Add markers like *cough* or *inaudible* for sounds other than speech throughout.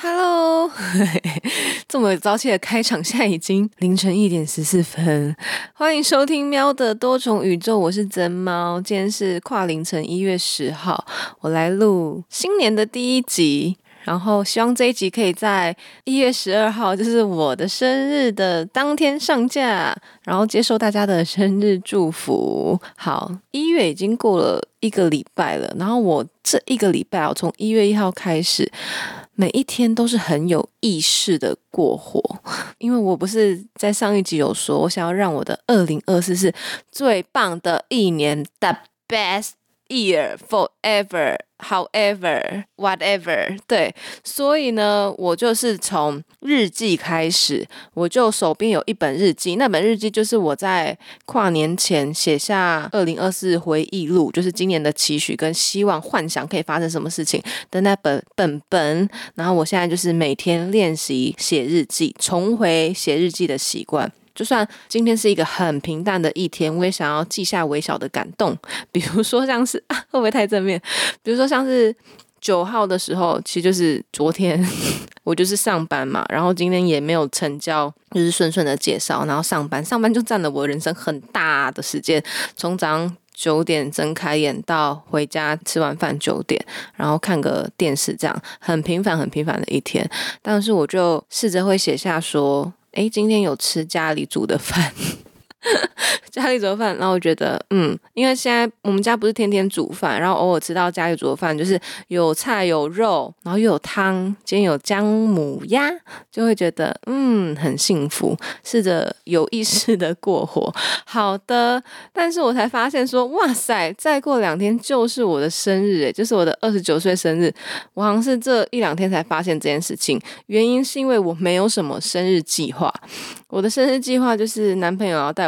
哈嘍嘿嘿這麼早起的開場，現在已經凌晨一點十四分，歡迎收聽喵的多重宇宙，我是曾貓。今天是跨凌晨一月十號，我來錄新年的第一集，然後希望這一集可以在一月十二號，就是我的生日的當天上架，然後接受大家的生日祝福。好，一月已經過了一個禮拜了，然後我這一個禮拜，我從一月一號開始。每一天都是很有意識的過活，因為我不是在上一集有說，我想要讓我的二零二四是最棒的一年，the best。Year, forever, however, whatever，對，所以呢，我就是從日記開始，我就手邊有一本日記，那本日記就是我在跨年前寫下二零二四回憶錄，就是今年的期許跟希望、幻想可以發生什麼事情的那本本本。然後我現在就是每天練習寫日記，重回寫日記的習慣。就算今天是一個很平淡的一天，我也想要記下微小的感動，比如說像是啊，會不會太正面？比如說像是九號的時候，其實就是昨天我就是上班嘛，然後今天也沒有成交，就是順順的介紹，然後上班上班就占了我人生很大的時間，從早上九點睜開眼到回家吃完飯九點，然後看個電視，這樣很平凡很平凡的一天，但是我就試着會寫下說。哎，今天有吃家裡煮的飯。 *laughs* 家裡做飯，然後我覺得，嗯，因為現在我們家不是天天煮飯，然後偶爾吃到家裡煮的飯，就是有菜有肉，然後又有湯，今天有薑母鴨，就會覺得，嗯，很幸福，試着有意識的過活，好的。但是我才發現說，哇塞，再過兩天就是我的生日，哎，就是我的二十九歲生日，我好像是這一兩天才發現這件事情，原因是因為我沒有什麼生日計劃，我的生日計劃就是男朋友要帶。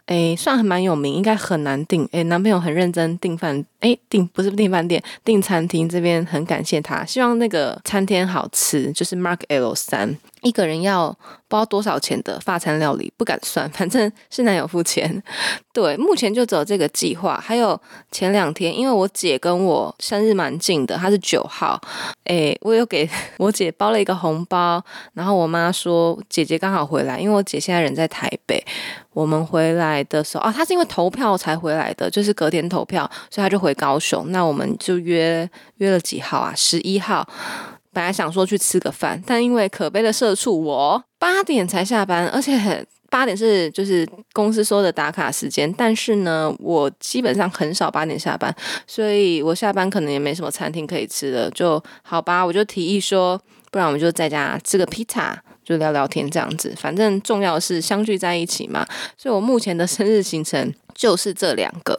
哎，算還蠻有名，應該很難訂。哎，男朋友很認真訂飯，哎，訂不是訂飯店，訂餐廳這邊很感謝他，希望那個餐廳好吃，就是 Mark L 三，一個人要包多少錢的法餐料理，不敢算，反正是男友付錢。對，目前就只有這個計劃。還有前兩天，因為我姐跟我生日蠻近的，她是九號，哎，我又給我姐包了一個紅包，然後我媽說姐姐剛好回來，因為我姐現在人在台北。我們回來的時候啊、哦，他是因為投票才回來的，就是隔天投票，所以他就回高雄。那我們就約約了幾號啊？十一號。本來想說去吃個飯，但因為可悲的社畜，我八點才下班，而且八點是就是公司說的打卡時間。但是呢，我基本上很少八點下班，所以我下班可能也沒什麼餐廳可以吃的，就好吧？我就提議說，不然我們就在家吃個披薩。就聊聊天這樣子，反正重要是相聚在一起嘛。所以我目前的生日行程就是這兩個，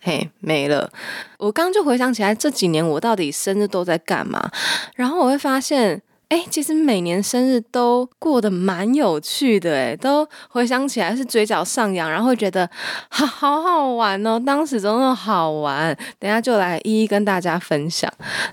嘿，hey，沒了。我剛就回想起來這幾年我到底生日都在幹嘛，然後我會發現，哎、欸，其實每年生日都過得蠻有趣的欸，哎，都回想起來是嘴角上揚，然後覺得好，好好玩哦，當時真的好玩。等一下就來一一跟大家分享。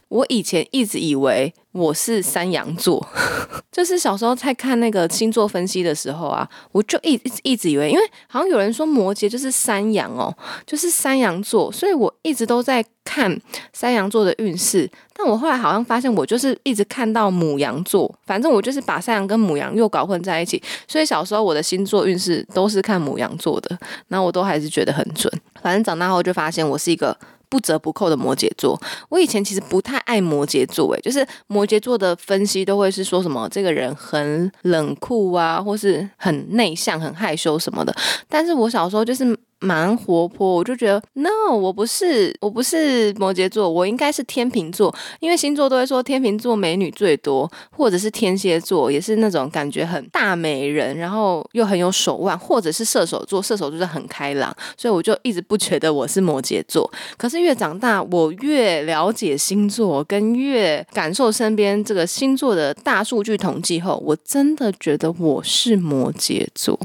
我以前一直以為。我是山羊座， *laughs* 就是小時候在看那個星座分析的時候啊，我就一一直以為，因為好像有人說摩羯就是山羊哦，就是山羊座，所以我一直都在看山羊座的運勢。但我後來好像發現，我就是一直看到牡羊座，反正我就是把山羊跟牡羊又搞混在一起，所以小時候我的星座運勢都是看牡羊座的，然後我都還是覺得很準。反正長大後就發現我是一個。不折不扣的摩羯座，我以前其實不太愛摩羯座，欸，就是摩羯座的分析都會是說什麼這個人很冷酷啊，或是很內向、很害羞什麼的。但是我小時候就是。蠻活潑，我就覺得 No 我不是，我不是摩羯座，我應該是天秤座，因為星座都會說天秤座美女最多，或者是天蠍座也是那種感覺很大美人，然後又很有手腕，或者是射手座，射手就是很開朗，所以我就一直不覺得我是摩羯座。可是越長大，我越了解星座，跟越感受身邊這個星座的大數據統計後，我真的覺得我是摩羯座。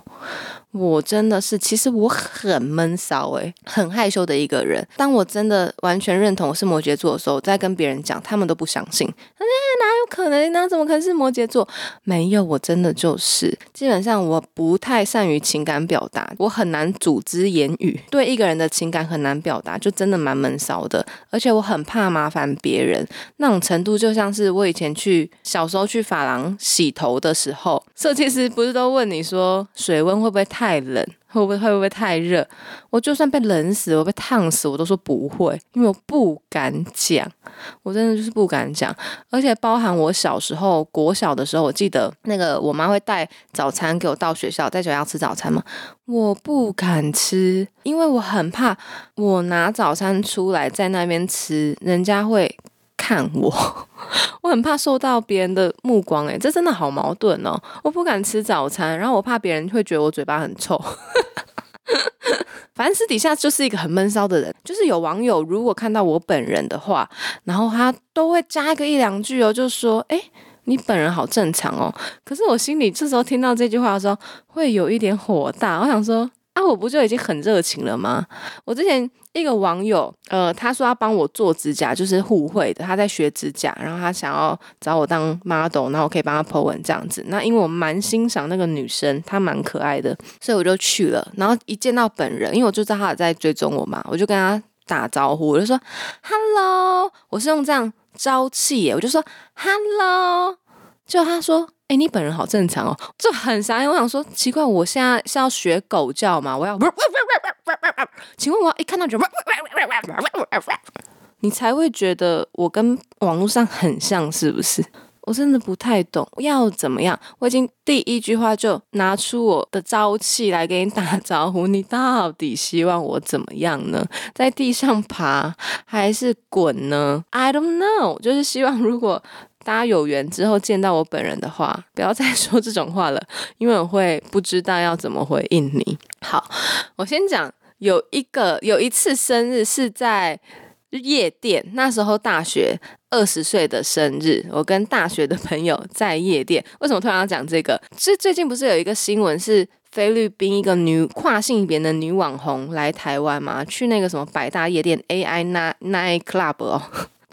我真的是，其實我很悶騷誒、欸，很害羞的一個人。當我真的完全認同我是摩羯座的時候，我在跟別人講，他們都不相信，哎，哪有可能呢？怎麼可能是摩羯座？沒有，我真的就是，基本上我不太善於情感表達，我很難組織言語，對一個人的情感很難表達，就真的蠻悶騷的。而且我很怕麻煩別人，那種程度就像是我以前去小時候去髮廊洗頭的時候，設計師不是都問你說水溫會不會太？太冷會不會會不會太熱？我就算被冷死，我被燙死，我都說不會，因為我不敢講。我真的就是不敢講，而且包含我小時候國小的時候，我記得那個我媽會帶早餐給我到學校，在學校要吃早餐嘛。我不敢吃，因為我很怕我拿早餐出來在那邊吃，人家會。看我，我很怕受到別人的目光，欸，哎，這真的好矛盾哦。我不敢吃早餐，然後我怕別人會覺得我嘴巴很臭。 *laughs* 反正私底下就是一個很悶騷的人，就是有網友如果看到我本人的話，然後他都會加一個一兩句哦，就說：“哎、欸，你本人好正常哦。”可是我心裡這時候聽到這句話的時候，會有一點火大，我想說。啊，我不就已經很熱情了嗎？我之前一個網友，呃，他說要幫我做指甲，就是互惠的，他在學指甲，然後他想要找我當 model，然後我可以幫他 po 文這樣子。那因為我蠻欣賞那個女生，她蠻可愛的，所以我就去了。然後一見到本人，因為我就知道他有在追蹤我嘛，我就跟他打招呼，我就說 “Hello”，我是用這樣朝氣耶，我就說 “Hello”，就他說。哎、欸，你本人好正常哦，就很想，我想說，奇怪，我現在是要學狗叫嗎？我要，請問我一、欸、看到你就，你才會覺得我跟網絡上很像，是不是？我真的不太懂要怎麼樣。我已經第一句話就拿出我的朝氣來給你打招呼，你到底希望我怎麼樣呢？在地上爬還是滾呢？I don't know，就是希望如果。大家有緣之後見到我本人的話，不要再說這種話了，因為我會不知道要怎麼回應你。好，我先講有一個有一次生日是在夜店，那時候大學二十歲的生日，我跟大學的朋友在夜店。為什麼突然要講這個？是最近不是有一個新聞是菲律賓一個女跨性別的女網紅來台灣嗎？去那個什麼百大夜店 AI Night Club 哦。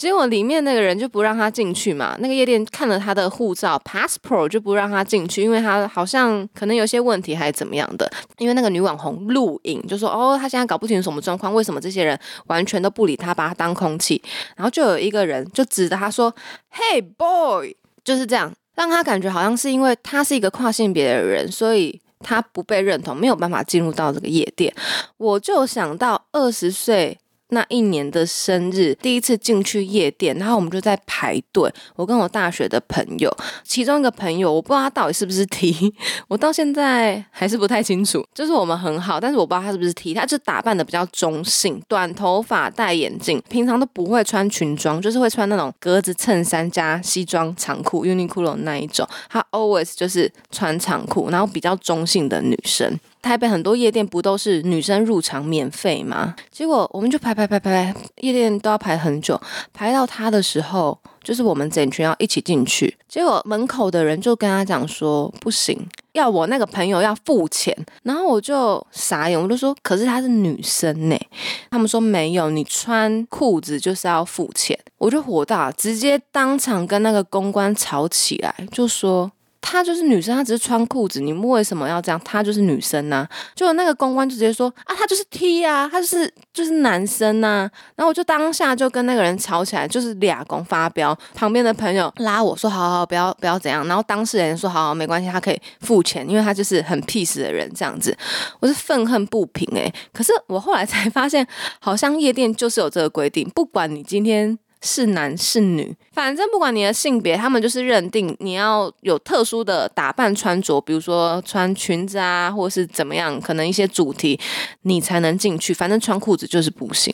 結果裡面那個人就不讓他進去嘛，那個夜店看了他的護照 passport 就不讓他進去，因為他好像可能有些問題還是怎麼樣的。因為那個女網紅錄影就說：“哦，他現在搞不清什麼狀況，為什麼這些人完全都不理他，把他當空氣。”然後就有一個人就指着他說：“Hey boy！” 就是這樣，讓他感覺好像是因為他是一個跨性別的人，所以他不被認同，沒有辦法進入到這個夜店。我就想到二十歲。那一年的生日，第一次進去夜店，然後我們就在排隊。我跟我大學的朋友，其中一個朋友，我不知道他到底是不是 T，我到現在還是不太清楚。就是我們很好，但是我不知道他是不是 T，他就打扮得比較中性，短頭髮戴眼鏡，平常都不會穿裙裝，就是會穿那種格子襯衫加西裝長褲，UNIQLO 那一種。他 always 就是穿長褲，然後比較中性的女生。台北很多夜店不都是女生入場免費嗎？結果我們就排排排排排，夜店都要排很久。排到他的時候，就是我們整群要一起進去。結果門口的人就跟他講說：“不行，要我那個朋友要付錢。”然後我就傻眼，我就說：“可是她是女生呢、欸。”他們說：“沒有，你穿褲子就是要付錢。”我就火大，直接當場跟那個公關吵起來，就說。她就是女生，她只是穿褲子，你們為什麼要這樣？她就是女生啊，就那個公關就直接說啊，她就是 T 啊，她就是就是男生吶、啊。然後我就當下就跟那個人吵起來，就是倆公發飆，旁邊的朋友拉我說好好好，不要不要怎樣。然後當事人說好好沒關係，他可以付錢，因為他就是很 peace 的人這樣子。我是憤恨不平誒、欸。可是我後來才發現，好像夜店就是有這個規定，不管你今天。是男是女，反正不管你的性別，他們就是認定你要有特殊的打扮穿着，比如說穿裙子啊，或是怎麼樣，可能一些主題你才能進去。反正穿褲子就是不行，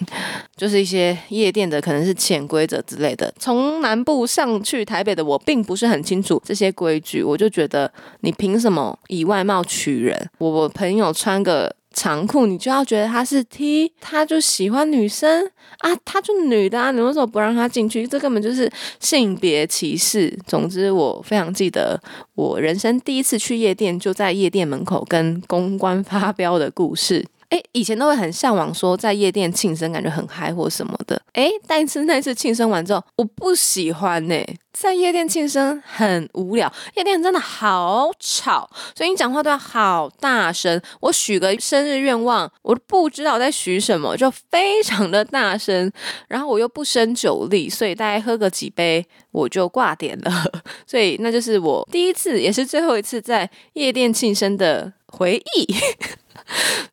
就是一些夜店的可能是潛規則之類的。從南部上去台北的我，並不是很清楚這些規矩，我就覺得你憑什麼以外貌取人？我朋友穿個。長褲，你就要覺得他是 T，他就喜歡女生啊，他就女的啊，你為什麼不讓他進去？這根本就是性別歧視。總之，我非常記得我人生第一次去夜店，就在夜店門口跟公關發飆的故事。哎、欸，以前都會很向往說在夜店慶生，感覺很嗨或什麼的。哎、欸，但是那一次慶生完之後，我不喜歡呢、欸。在夜店慶生很無聊，夜店真的好吵，所以你講話都要好大聲。我許個生日願望，我不知道我在許什麼，就非常的大聲。然後我又不勝酒力，所以大概喝個幾杯我就掛點了。所以那就是我第一次，也是最後一次在夜店慶生的。回 *laughs* 憶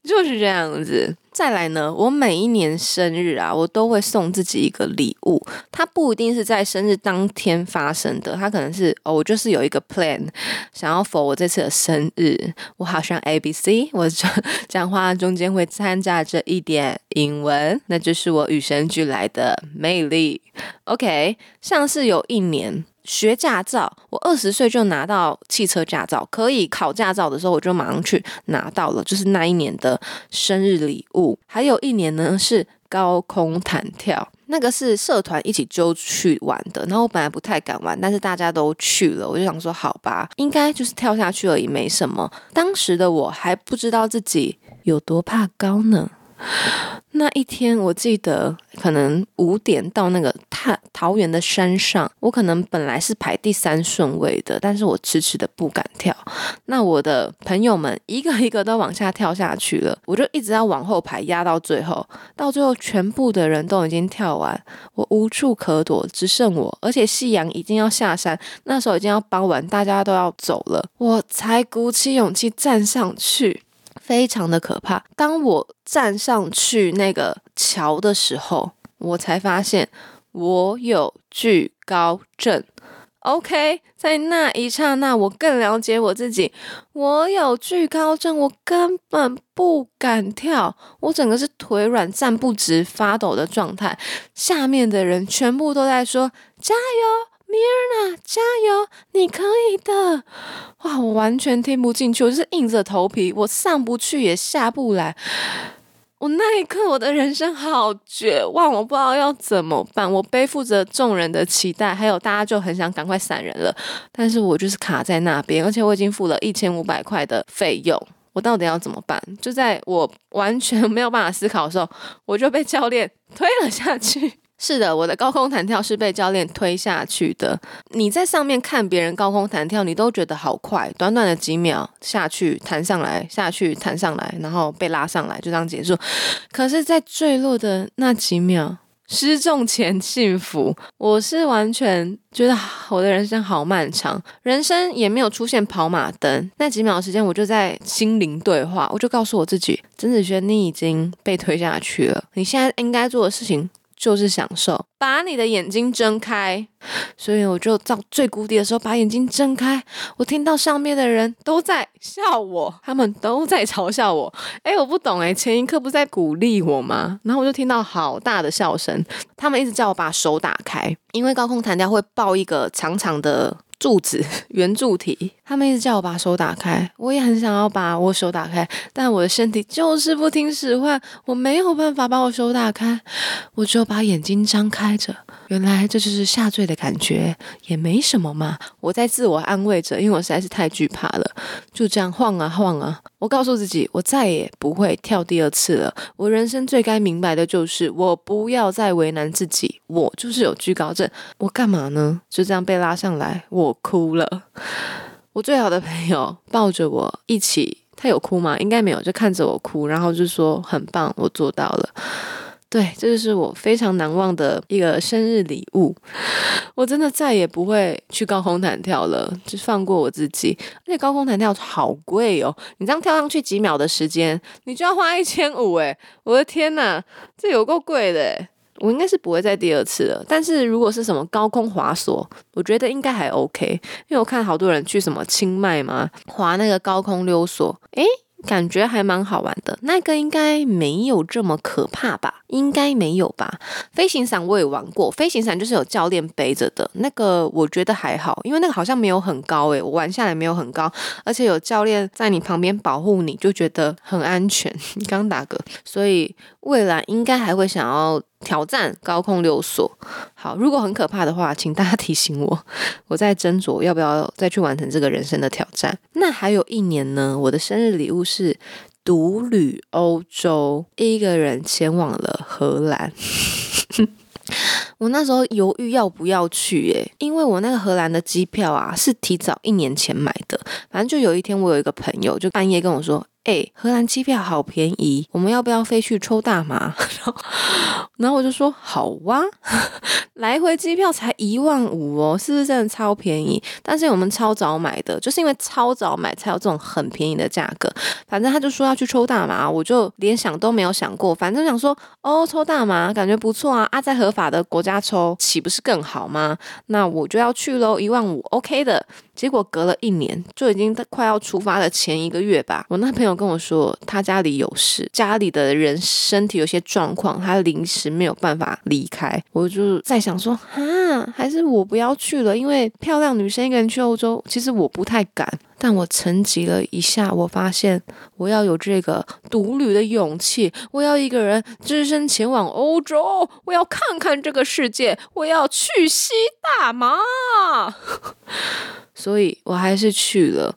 就是這樣子。再來呢，我每一年生日啊，我都會送自己一個禮物。它不一定是在生日當天發生的，它可能是哦，我就是有一個 plan，想要 for 我這次的生日。我好像 A B C，我就講話中間會摻雜着一點英文，那就是我與生俱來的魅力。OK，像是有一年，學駕照，我二十歲就拿到汽車駕照。可以考駕照的時候，我就馬上去拿到了，就是那一年的生日禮物。還有一年呢，是高空彈跳，那個是社團一起揪去玩的。然後我本來不太敢玩，但是大家都去了，我就想說好吧，應該就是跳下去而已，沒什麼。當時的我還不知道自己有多怕高呢。那一天，我記得可能五點到那個桃桃園的山上，我可能本來是排第三順位的，但是我遲遲的不敢跳。那我的朋友們一個一個都往下跳下去了，我就一直要往後排壓到最後，到最後全部的人都已經跳完，我無處可躲，只剩我。而且夕陽已經要下山，那時候已經要傍晚，大家都要走了，我才鼓起勇氣站上去。非常的可怕。當我站上去那個橋的時候，我才發現我有懼高症。OK，在那一剎那，我更了解我自己。我有懼高症，我根本不敢跳，我整個是腿軟、站不直、發抖的狀態。下面的人全部都在說：“加油！” Myrna 加油！你可以的！哇，我完全聽不進去，我就是硬着頭皮，我上不去也下不來。我那一刻，我的人生好絕望，我不知道要怎麼辦。我背負着眾人的期待，還有大家就很想趕快散人了，但是我就是卡在那邊，而且我已經付了一千五百塊的費用，我到底要怎麼辦？就在我完全沒有辦法思考的時候，我就被教練推了下去。是的，我的高空彈跳是被教練推下去的。你在上面看別人高空彈跳，你都覺得好快，短短的幾秒下去，彈上來，下去，彈上來，然後被拉上來，就這樣結束。可是，在墜落的那幾秒，失重前幸福，我是完全覺得我的人生好漫長，人生也沒有出現跑馬燈。那幾秒的時間，我就在心靈對話，我就告訴我自己：曾子軒，你已經被推下去了，你現在應該做的事情。就是享受，把你的眼睛睜開。所以我就到最谷底的時候，把眼睛睜開。我聽到上面的人都在笑我，他們都在嘲笑我。誒，我不懂誒，前一刻不是在鼓勵我嗎？然後我就聽到好大的笑聲，他們一直叫我把手打開，因為高空彈跳會爆一個長長的柱子，圓柱體。他們一直叫我把手打開，我也很想要把我手打開，但我的身體就是不聽使喚，我沒有辦法把我手打開，我只有把眼睛張開着。原來這就是下墜的感覺，也沒什麼嘛。我在自我安慰着，因為我實在是太懼怕了。就這樣晃啊晃啊，我告訴自己，我再也不會跳第二次了。我人生最該明白的就是，我不要再為難自己。我就是有懼高症。我幹嘛呢？就這樣被拉上來，我哭了。我最好的朋友抱着我一起，他有哭嗎？應該沒有，就看着我哭，然後就說很棒，我做到了。對，這就是我非常難忘的一個生日禮物。我真的再也不會去高空彈跳了，就放過我自己。而且高空彈跳好貴哦，你這樣跳上去幾秒的時間，你就要花一千五誒，我的天吶，這有夠貴的誒。我應該是不會再第二次了，但是如果是什麼高空滑索，我覺得應該還 OK，因為我看好多人去什麼清邁嘛，滑那個高空溜索，誒，感覺還蠻好玩的，那個應該沒有這麼可怕吧？應該沒有吧？飛行傘我也玩過，飛行傘就是有教練背着的那個，我覺得還好，因為那個好像沒有很高，欸，誒，我玩下來沒有很高，而且有教練在你旁邊保護你，就覺得很安全。你剛打嗝，所以未來應該還會想要挑戰高空溜索。好，如果很可怕的話，請大家提醒我，我在斟酌，要不要再去完成這個人生的挑戰。那還有一年呢，我的生日禮物是獨旅歐洲，一個人前往了荷蘭。 *laughs* 我那時候猶豫要不要去、欸，耶，因為我那個荷蘭的機票啊是提早一年前買的，反正就有一天我有一個朋友就半夜跟我說。哎、欸，荷蘭機票好便宜，我們要不要飛去抽大麻？然後，然後我就說，好哇、啊， *laughs* 來回機票才一萬五哦，是不是真的超便宜？但是我們超早買的，就是因為超早買才有這種很便宜的價格。反正他就說要去抽大麻，我就連想都沒有想過。反正想說，哦，抽大麻感覺不錯啊，啊，在合法的國家抽豈不是更好嗎？那我就要去嘍，一萬五，OK 的。結果隔了一年，就已經快要出發的前一個月吧，我那朋友跟我說，他家裡有事，家裡的人身體有些狀況，他臨時沒有辦法離開。我就在想說，哈，還是我不要去了，因為漂亮女生一個人去歐洲，其實我不太敢。但我沉寂了一下，我發現我要有這個獨旅的勇氣，我要一個人只身前往歐洲，我要看看這個世界，我要去吸大麻， *laughs* 所以我還是去了。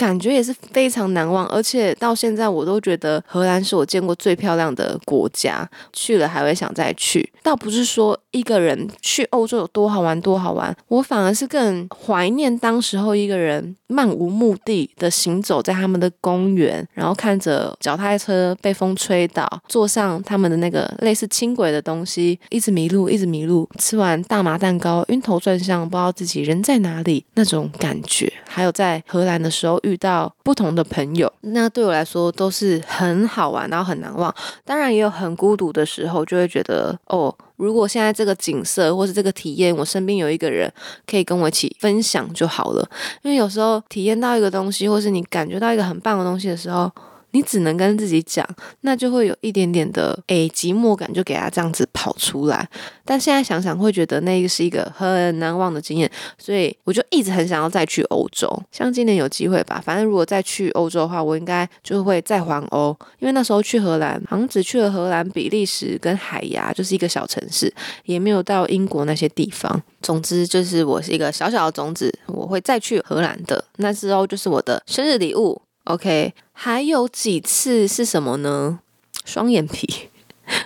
感覺也是非常難忘，而且到現在我都覺得荷蘭是我見過最漂亮的國家，去了還會想再去。倒不是說一個人去歐洲有多好玩，多好玩，我反而是更懷念當時候一個人漫無目的的行走在他們的公園，然後看着腳踏車被風吹倒，坐上他們的那個類似輕軌的東西，一直迷路，一直迷路，吃完大麻蛋糕暈頭轉向，不知道自己人在哪裡那種感覺。還有在荷蘭的時候。遇到不同的朋友，那對我來說都是很好玩，然後很難忘。當然也有很孤獨的時候，就會覺得哦，如果現在這個景色或是這個體驗，我身邊有一個人可以跟我一起分享就好了。因為有時候體驗到一個東西，或是你感覺到一個很棒的東西的時候。你只能跟自己講，那就會有一點點的誒、欸、寂寞感，就給他這樣子跑出來。但現在想想，會覺得那個是一個很難忘的經驗，所以我就一直很想要再去歐洲。像今年有機會吧，反正如果再去歐洲的話，我應該就會再環歐，因為那時候去荷蘭好像只去了荷蘭、比利時跟海牙，就是一個小城市，也沒有到英國那些地方。總之，就是我是一個小小的種子，我會再去荷蘭的。那時候就是我的生日禮物。OK，還有幾次是什麼呢？雙眼皮，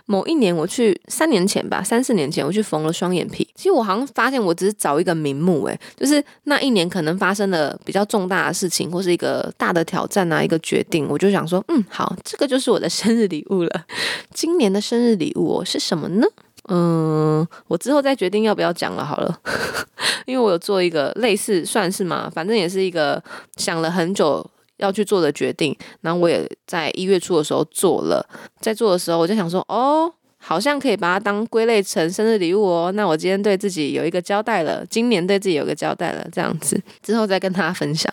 某一年我去三年前吧，三四年前我去縫了雙眼皮。其實我好像發現，我只是找一個名目，誒，就是那一年可能發生了比較重大的事情，或是一個大的挑戰啊，一個決定，我就想說，嗯，好，這個就是我的生日禮物了。今年的生日禮物哦，是什麼呢？嗯，我之後再決定要不要講了。好了， *laughs* 因為我有做一個類似算是嘛，反正也是一個想了很久要去做的決定，然後我也在一月初的時候做了。在做的時候，我就想說，哦，好像可以把它當歸類成生日禮物哦。那我今天對自己有一個交代了，今年對自己有一個交代了，這樣子之後再跟大家分享。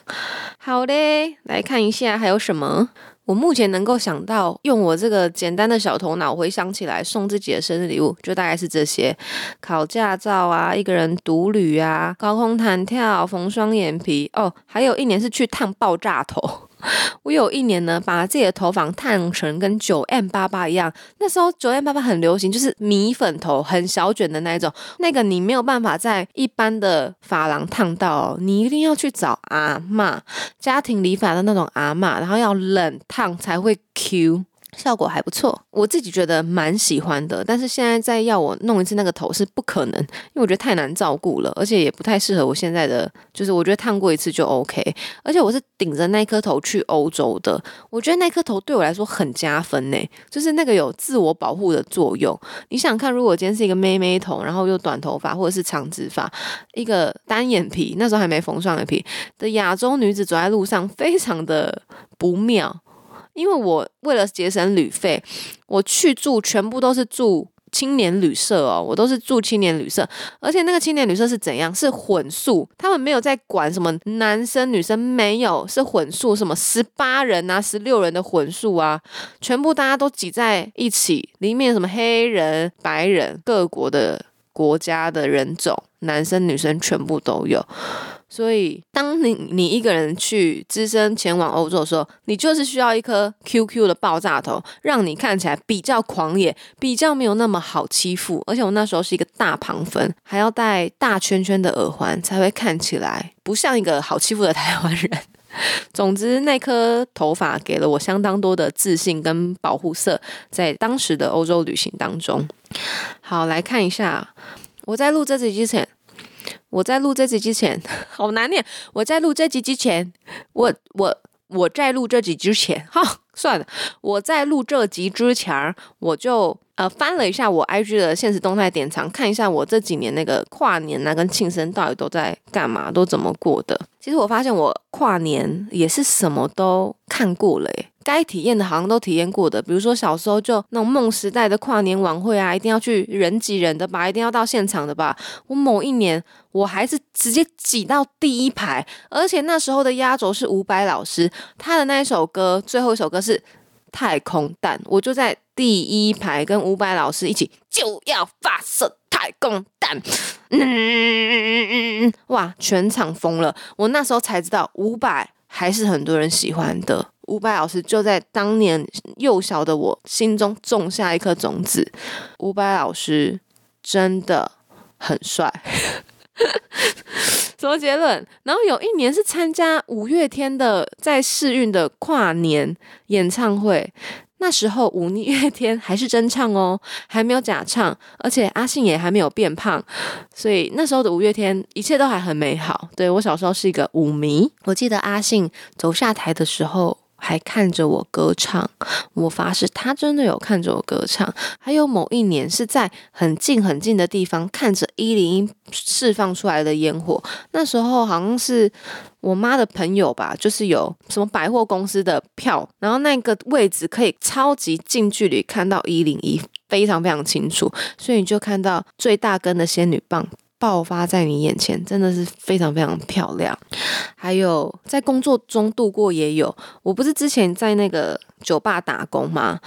好嘞，來看一下還有什麼。我目前能夠想到用我這個簡單的小頭腦回想起來送自己的生日禮物，就大概是這些，考駕照啊，一個人獨旅啊，高空彈跳，縫雙眼皮，哦，還有一年是去燙爆炸頭。我有一年呢，把自己的頭髮燙成跟 9m88 一樣。那時候 9m88 很流行，就是米粉頭，很小捲的那一種。那個你沒有辦法在一般的髮廊燙到哦，你一定要去找阿嬤，家庭理髮的那種阿嬤，然後要冷燙才會 Q。效果還不錯，我自己覺得蠻喜歡的。但是現在再要我弄一次那個頭是不可能，因為我覺得太難照顧了，而且也不太適合我現在的。就是我覺得燙過一次就 OK，而且我是頂着那顆頭去歐洲的。我覺得那顆頭對我來說很加分呢、欸，就是那個有自我保護的作用。你想看，如果今天是一個妹妹頭，然後又短頭髮或者是長直髮，一個單眼皮，那時候還沒縫雙眼皮的亞洲女子走在路上，非常的不妙。因為我為了節省旅費，我去住全部都是住青年旅社哦，我都是住青年旅社，而且那個青年旅社是怎樣？是混宿，他們沒有在管什麼男生女生，沒有是混宿，什麼十八人啊、十六人的混宿啊，全部大家都擠在一起，裡面什麼黑人、白人、各國的國家的人種，男生女生全部都有。所以，當你你一個人去只身前往歐洲的時候，你就是需要一顆 QQ 的爆炸頭，讓你看起來比較狂野，比較沒有那麼好欺負。而且我那時候是一個大旁分，還要戴大圈圈的耳環，才會看起來不像一個好欺負的台灣人。總之，那顆頭髮給了我相當多的自信跟保護色，在當時的歐洲旅行當中。好，來看一下，我在錄這集之前。我在錄這集之前，好難念。我在錄這集之前，我我我在錄這集之前，哈，算了。我在錄這集之前，我就。呃，翻了一下我 IG 的限時動態典藏，看一下我這幾年那個跨年吶、啊、跟慶生到底都在幹嘛，都怎麼過的。其實我發現我跨年也是什麼都看過了，該體驗的好像都體驗過的。比如說小時候就那種夢時代的跨年晚會啊，一定要去人擠人的吧，一定要到現場的吧。我某一年我還是直接擠到第一排，而且那時候的壓軸是伍佰老師，他的那一首歌最後一首歌是。太空彈，我就在第一排跟伍佰老師一起就要發射太空彈，嗯，哇，全場瘋了！我那時候才知道伍佰還是很多人喜歡的。伍佰老師就在當年幼小的我心中種下一顆種子。伍佰老師真的很帥。周杰倫，然後有一年是參加五月天的在世運的跨年演唱會，那時候五月天還是真唱哦，還沒有假唱，而且阿信也還沒有變胖，所以那時候的五月天一切都還很美好。對，我小時候是一個五迷，我記得阿信走下台的時候。還看着我歌唱，我發誓他真的有看着我歌唱。還有某一年是在很近很近的地方看着一零一釋放出來的煙火，那時候好像是我媽的朋友吧，就是有什麼百貨公司的票，然後那個位置可以超級近距離看到一零一，非常非常清楚，所以你就看到最大根的仙女棒，爆發在你眼前，真的是非常非常漂亮。還有在工作中度過也有，我不是之前在那個酒吧打工嗎？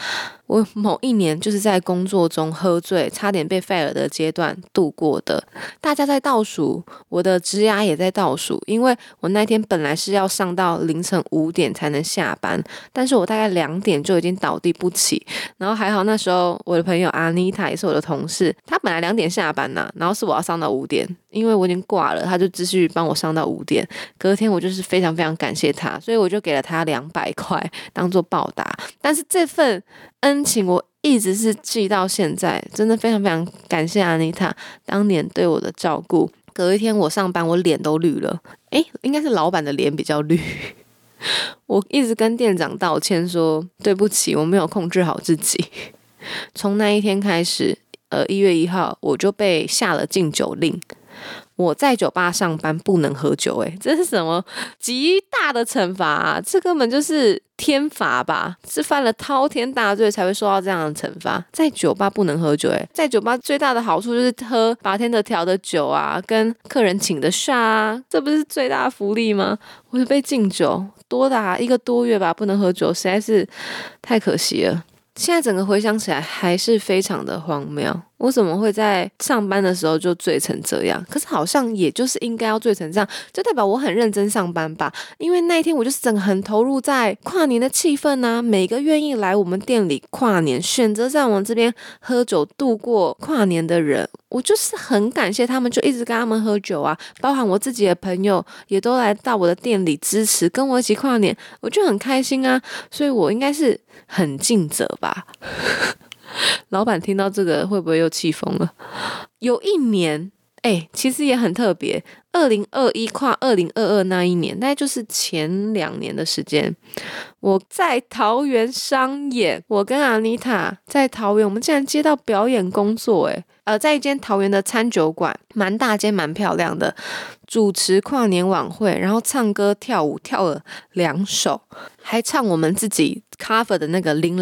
我某一年就是在工作中喝醉，差點被 fire 了的階段度過的。大家在倒數，我的職涯也在倒數，因為我那天本來是要上到凌晨五點才能下班，但是我大概兩點就已經倒地不起。然後還好那時候我的朋友阿妮塔也是我的同事，她本來兩點下班吶、啊，然後是我要上到五點。因為我已經掛了，他就繼續幫我上到五點。隔天我就是非常非常感謝他，所以我就給了他兩百塊當做報答。但是這份恩情我一直是記到現在，真的非常非常感謝阿妮塔當年對我的照顧。隔一天我上班，我臉都綠了。誒，應該是老闆的臉比較綠。 *laughs* 我一直跟店長道歉說，對不起，我沒有控制好自己。從那一天開始，呃，一月一號我就被下了禁酒令。我在酒吧上班不能喝酒，欸，哎，這是什麼極大的懲罰啊？這根本就是天罰吧？是犯了滔天大罪才會受到這樣的懲罰？在酒吧不能喝酒，欸，哎，在酒吧最大的好處就是喝白天的調的酒啊，跟客人請的啊，這不是最大的福利嗎？我就被禁酒多達一個多月吧，不能喝酒，實在是太可惜了。現在整個回想起來，還是非常的荒謬。我怎麼會在上班的時候就醉成這樣？可是好像也就是應該要醉成這樣，就代表我很認真上班吧？因為那一天我就是整個很投入在跨年的氣氛啊，每個願意來我們店裡跨年，選擇在我們這邊喝酒度過跨年的人，我就是很感謝他們，就一直跟他們喝酒啊。包含我自己的朋友也都來到我的店裡支持，跟我一起跨年，我就很開心啊。所以我應該是很盡責吧。 *laughs* 老闆聽到這個會不會又氣瘋了？有一年，誒、欸，其實也很特別，二零二一跨二零二二那一年，大概就是前兩年的時間，我在桃園商演。我跟阿妮塔在桃園，我們竟然接到表演工作、欸，誒。呃，在一間桃園的餐酒館，蠻大間，蠻漂亮的，主持跨年晚會，然後唱歌跳舞，跳了兩首，還唱我們自己 cover 的那個《Linda》。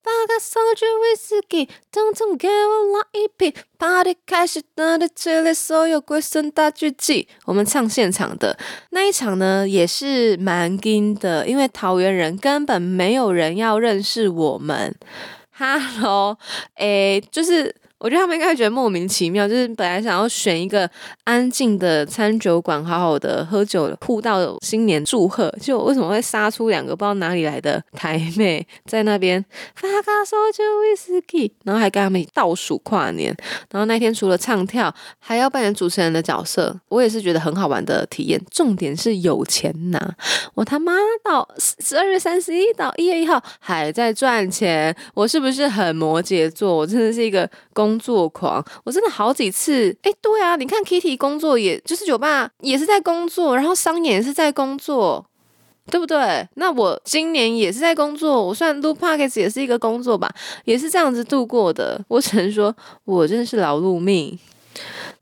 把個燒酒威士忌，統統給我來一瓶。Party 開始，他的嘴裡所有鬼神大聚集。我們唱現場的那一場呢，也是蠻驚的，因為桃園人根本沒有人要認識我們。Hello，哎、欸，就是。我覺得他們應該覺得莫名其妙，就是本來想要選一個安靜的餐酒館，好好的喝酒，互道新年祝賀。就為什麼會殺出兩個不知道哪裡來的台妹在那邊發發騷就 whiskey，然後還跟他們倒數跨年。然後那天除了唱跳，還要扮演主持人的角色，我也是覺得很好玩的體驗。重點是有錢拿，我他媽到十二月三十一到一月一號還在賺錢，我是不是很摩羯座？我真的是一個公。工作狂，我真的好幾次，哎，對啊，你看 Kitty 工作也，也就是酒吧也是在工作，然後商演也是在工作，對不對？那我今年也是在工作，我雖然錄 podcast 也是一個工作吧，也是這樣子度過的。我只能說，我真的是勞碌命。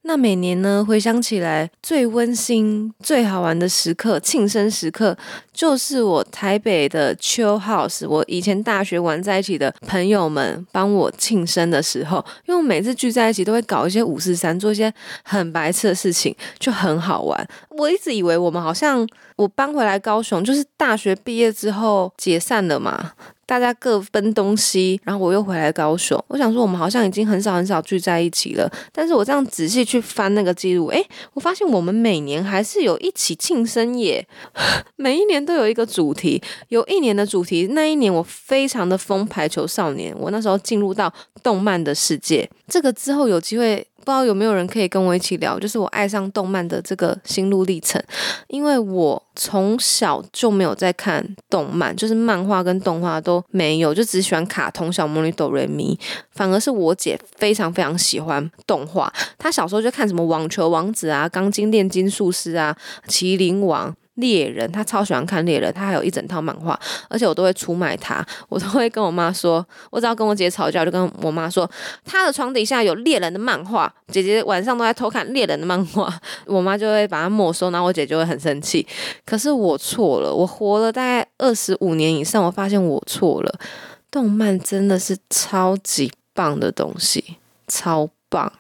那每年呢，回想起來最溫馨、最好玩的時刻，慶生時刻，就是我台北的秋 house，我以前大學玩在一起的朋友們幫我慶生的時候，因為我每次聚在一起都會搞一些五四三，做一些很白痴的事情，就很好玩。我一直以為我們好像我搬回來高雄，就是大學畢業之後解散了嘛。大家各奔東西，然後我又回來高雄。我想說，我們好像已經很少很少聚在一起了。但是我這樣仔細去翻那個記錄，誒、欸，我發現我們每年還是有一起慶生耶，每一年都有一個主題。有一年的主題，那一年我非常的瘋排球少年。我那時候進入到動漫的世界，這個之後有機會。不知道有沒有人可以跟我一起聊，就是我愛上動漫的這個心路歷程。因為我從小就沒有在看動漫，就是漫畫跟動畫都沒有，就只喜歡卡通小魔女哆瑞咪。反而是我姐非常非常喜歡動畫，她小時候就看什麼網球王子啊、鋼之鍊金術師啊、棋靈王。獵人，他超喜歡看獵人，他還有一整套漫畫，而且我都會出賣他，我都會跟我媽說，我只要跟我姐吵架，就跟我媽說，他的床底下有獵人的漫畫，姐姐晚上都在偷看獵人的漫畫，我媽就會把它沒收，然後我姐，姐就會很生氣。可是我錯了，我活了大概二十五年以上，我發現我錯了，動漫真的是超級棒的東西，超棒，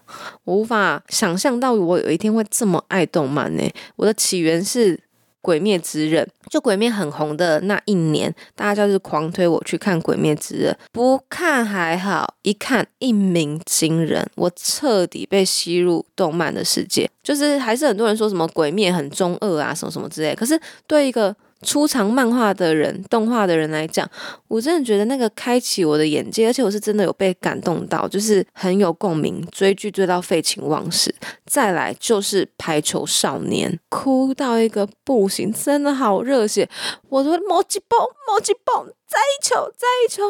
我無法想象到我有一天會這麼愛動漫呢、欸。我的起源是。《鬼滅之刃》就《鬼滅》很紅的那一年，大家就是狂推我去看《鬼滅之刃》，不看還好，一看一鳴驚人，我徹底被吸入動漫的世界。就是還是很多人說什麼《鬼滅》很中二啊，什麼什麼之類的。可是對一個出長漫畫的人、動畫的人來講，我真的覺得那個開啟我的眼界，而且我是真的有被感動到，就是很有共鳴。追劇追到廢寢忘食，再來就是排球少年，哭到一個不行，真的好熱血！我說：もう一本，もう一本，再一球，再一球！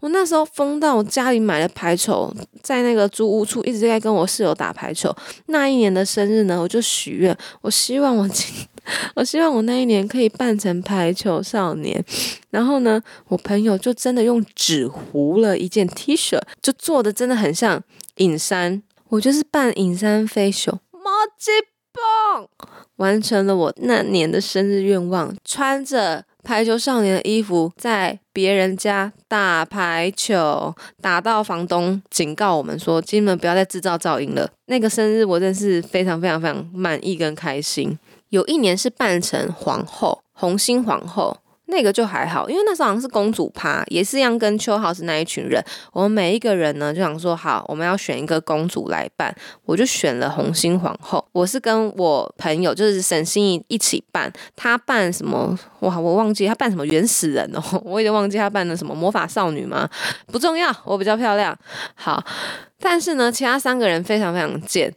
我那時候瘋到我家裡買了排球，在那個租屋處一直在跟我室友打排球。那一年的生日呢，我就許願，我希望我今我希望我那一年可以扮成排球少年，然後呢，我朋友就真的用紙糊了一件 T 恤，就做的真的很像影山。我就是扮影山飛雄，貓級棒！完成了我那年的生日願望，穿着排球少年的衣服在別人家打排球，打到房東警告我們說：“你們不要再製造噪音了。”那個生日我真是非常非常非常滿意跟開心。有一年是扮成皇後，紅星皇後，那個就還好，因為那時候好像是公主趴，也是一樣跟邱浩是那一群人。我們每一個人呢就想說，好，我們要選一個公主來扮，我就選了紅星皇後。我是跟我朋友就是沈心怡一起扮，她扮什麼？哇，我忘記她扮什麼原始人哦，我已經忘記她扮的什麼魔法少女嗎？不重要，我比較漂亮。好，但是呢，其他三個人非常非常賤。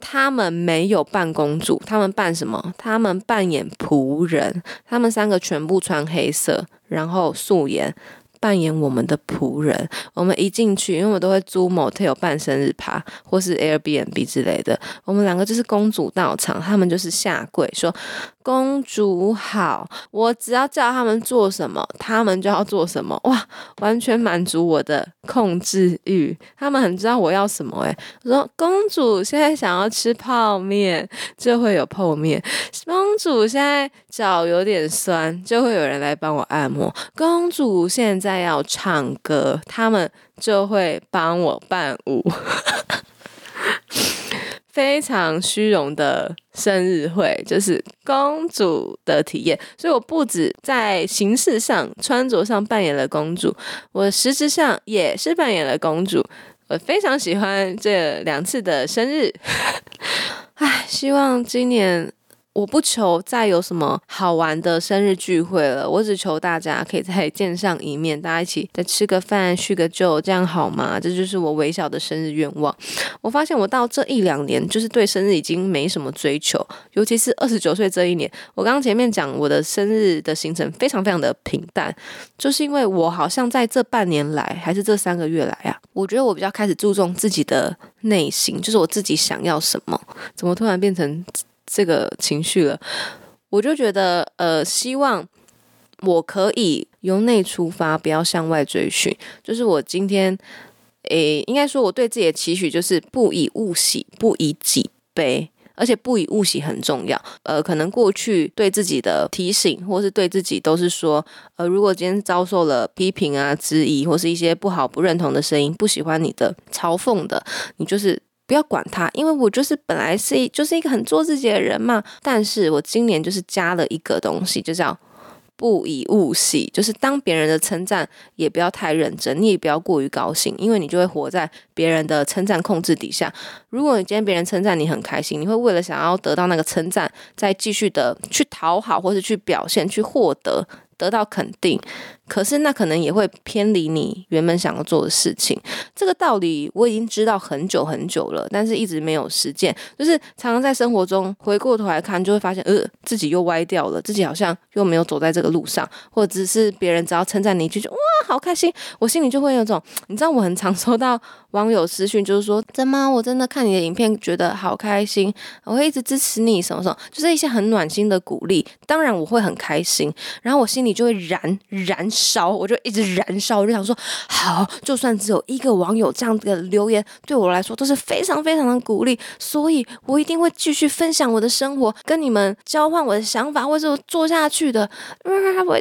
他們沒有扮公主，他們扮什麼？他們扮演僕人，他們三個全部穿黑色，然後素顏扮演我們的僕人。我們一進去，因為我們都會租 motel，有辦生日趴，或是 Airbnb 之類的，我們兩個就是公主到場，他們就是下跪說。公主好！我只要叫他們做什麼，他們就要做什麼哇！完全滿足我的控制欲。他們很知道我要什麼誒、欸，我說，公主現在想要吃泡麵，就會有泡麵。公主現在腳有點痠，就會有人來幫我按摩。公主現在要唱歌，他們就會幫我伴舞。 *laughs* 非常虛榮的生日會，就是公主的體驗，所以我不止在形式上、穿着上扮演了公主，我實質上也是扮演了公主。我非常喜歡這兩次的生日， *laughs* 唉，希望今年。我不求再有什麼好玩的生日聚會了，我只求大家可以再見上一面，大家一起再吃個飯、敘個舊，這樣好嗎？這就是我微小的生日願望。我發現我到這一兩年，就是對生日已經沒什麼追求，尤其是二十九歲這一年。我剛剛前面講我的生日的行程非常非常的平淡，就是因為我好像在這半年來，還是這三個月來啊，我覺得我比較開始注重自己的內心，就是我自己想要什麼，怎麼突然變成。這個情緒了，我就覺得，呃，希望我可以由內出發，不要向外追尋。就是我今天，誒，應該說我對自己的期許就是不以物喜，不以己悲。而且不以物喜很重要。呃，可能過去對自己的提醒或是對自己都是說，呃，如果今天遭受了批評啊、質疑或是一些不好、不認同的聲音、不喜歡你的嘲諷的，你就是。不要管他，因為我就是本來是就是一個很做自己的人嘛。但是我今年就是加了一個東西，就叫不以物喜，就是當別人的稱讚也不要太認真，你也不要過於高興，因為你就會活在別人的稱讚控制底下。如果你今天別人稱讚你很開心，你會為了想要得到那個稱讚，再繼續的去討好，或是去表現，去獲得，得到肯定。可是那可能也會偏離你原本想要做的事情，這個道理我已經知道很久很久了，但是一直沒有實踐。就是常常在生活中回過頭來看，就會發現呃自己又歪掉了，自己好像又沒有走在這個路上，或者只是別人只要稱讚你一句，就哇好開心，我心裡就會有種你知道我很常收到網友私訊，就是說怎麼我真的看你的影片覺得好開心，我會一直支持你什麼什麼，就是一些很暖心的鼓勵，當然我會很開心，然後我心裡就會燃燃。燒，我就一直燃燒，我就想說好，就算只有一個網友這樣子的留言，對我來說都是非常非常的鼓勵，所以我一定會繼續分享我的生活，跟你們交換我的想法，或是做下去的。我、啊、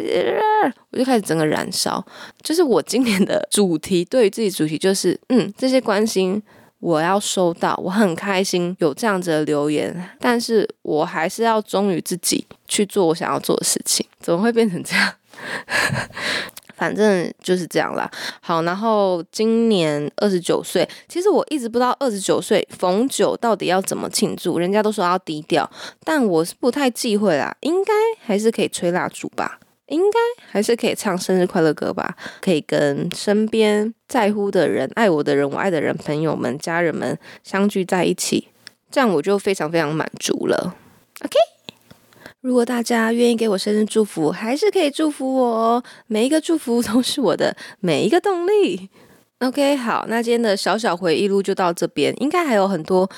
我就開始整個燃燒，就是我今年的主題，對於自己主題就是，嗯，這些關心我要收到，我很開心有這樣子的留言，但是我還是要忠於自己去做我想要做的事情，怎麼會變成這樣？ *laughs* 反正就是這樣啦。好，然後今年二十九歲，其實我一直不知道二十九歲逢九到底要怎麼慶祝。人家都說要低調，但我是不太忌諱啦。應該還是可以吹蠟燭吧？應該還是可以唱生日快樂歌吧？可以跟身邊在乎的人、愛我的人、我愛的人、朋友們、家人們相聚在一起，這樣我就非常非常滿足了。OK。如果大家願意給我生日祝福，還是可以祝福我哦。每一個祝福都是我的每一個動力。OK，好，那今天的小小回憶錄就到這邊。應該還有很多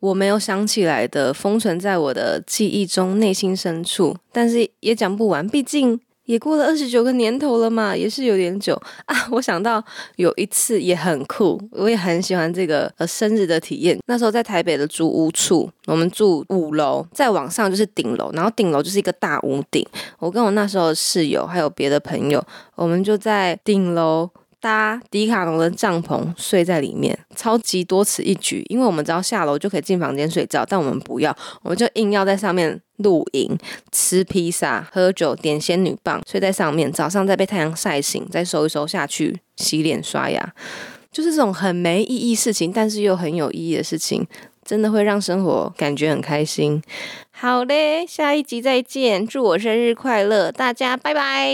我沒有想起來的封存在我的記憶中、內心深處，但是也講不完，畢竟。也過了二十九個年頭了嘛，也是有點久啊。我想到有一次也很酷，我也很喜歡這個呃生日的體驗。那時候在台北的租屋處，我們住五樓，再往上就是頂樓，然後頂樓就是一個大屋頂。我跟我那時候的室友還有別的朋友，我們就在頂樓。搭迪卡儂的帳篷睡在裡面，超級多此一舉，因為我們只要下樓就可以進房間睡覺。但我們不要，我們就硬要在上面露營，吃披薩、喝酒、點仙女棒，睡在上面，早上再被太陽曬醒，再收一收下去洗臉刷牙，就是這種很沒意義事情，但是又很有意義的事情。真的會讓生活感覺很開心。好嘞，下一集再見，祝我生日快樂，大家拜拜。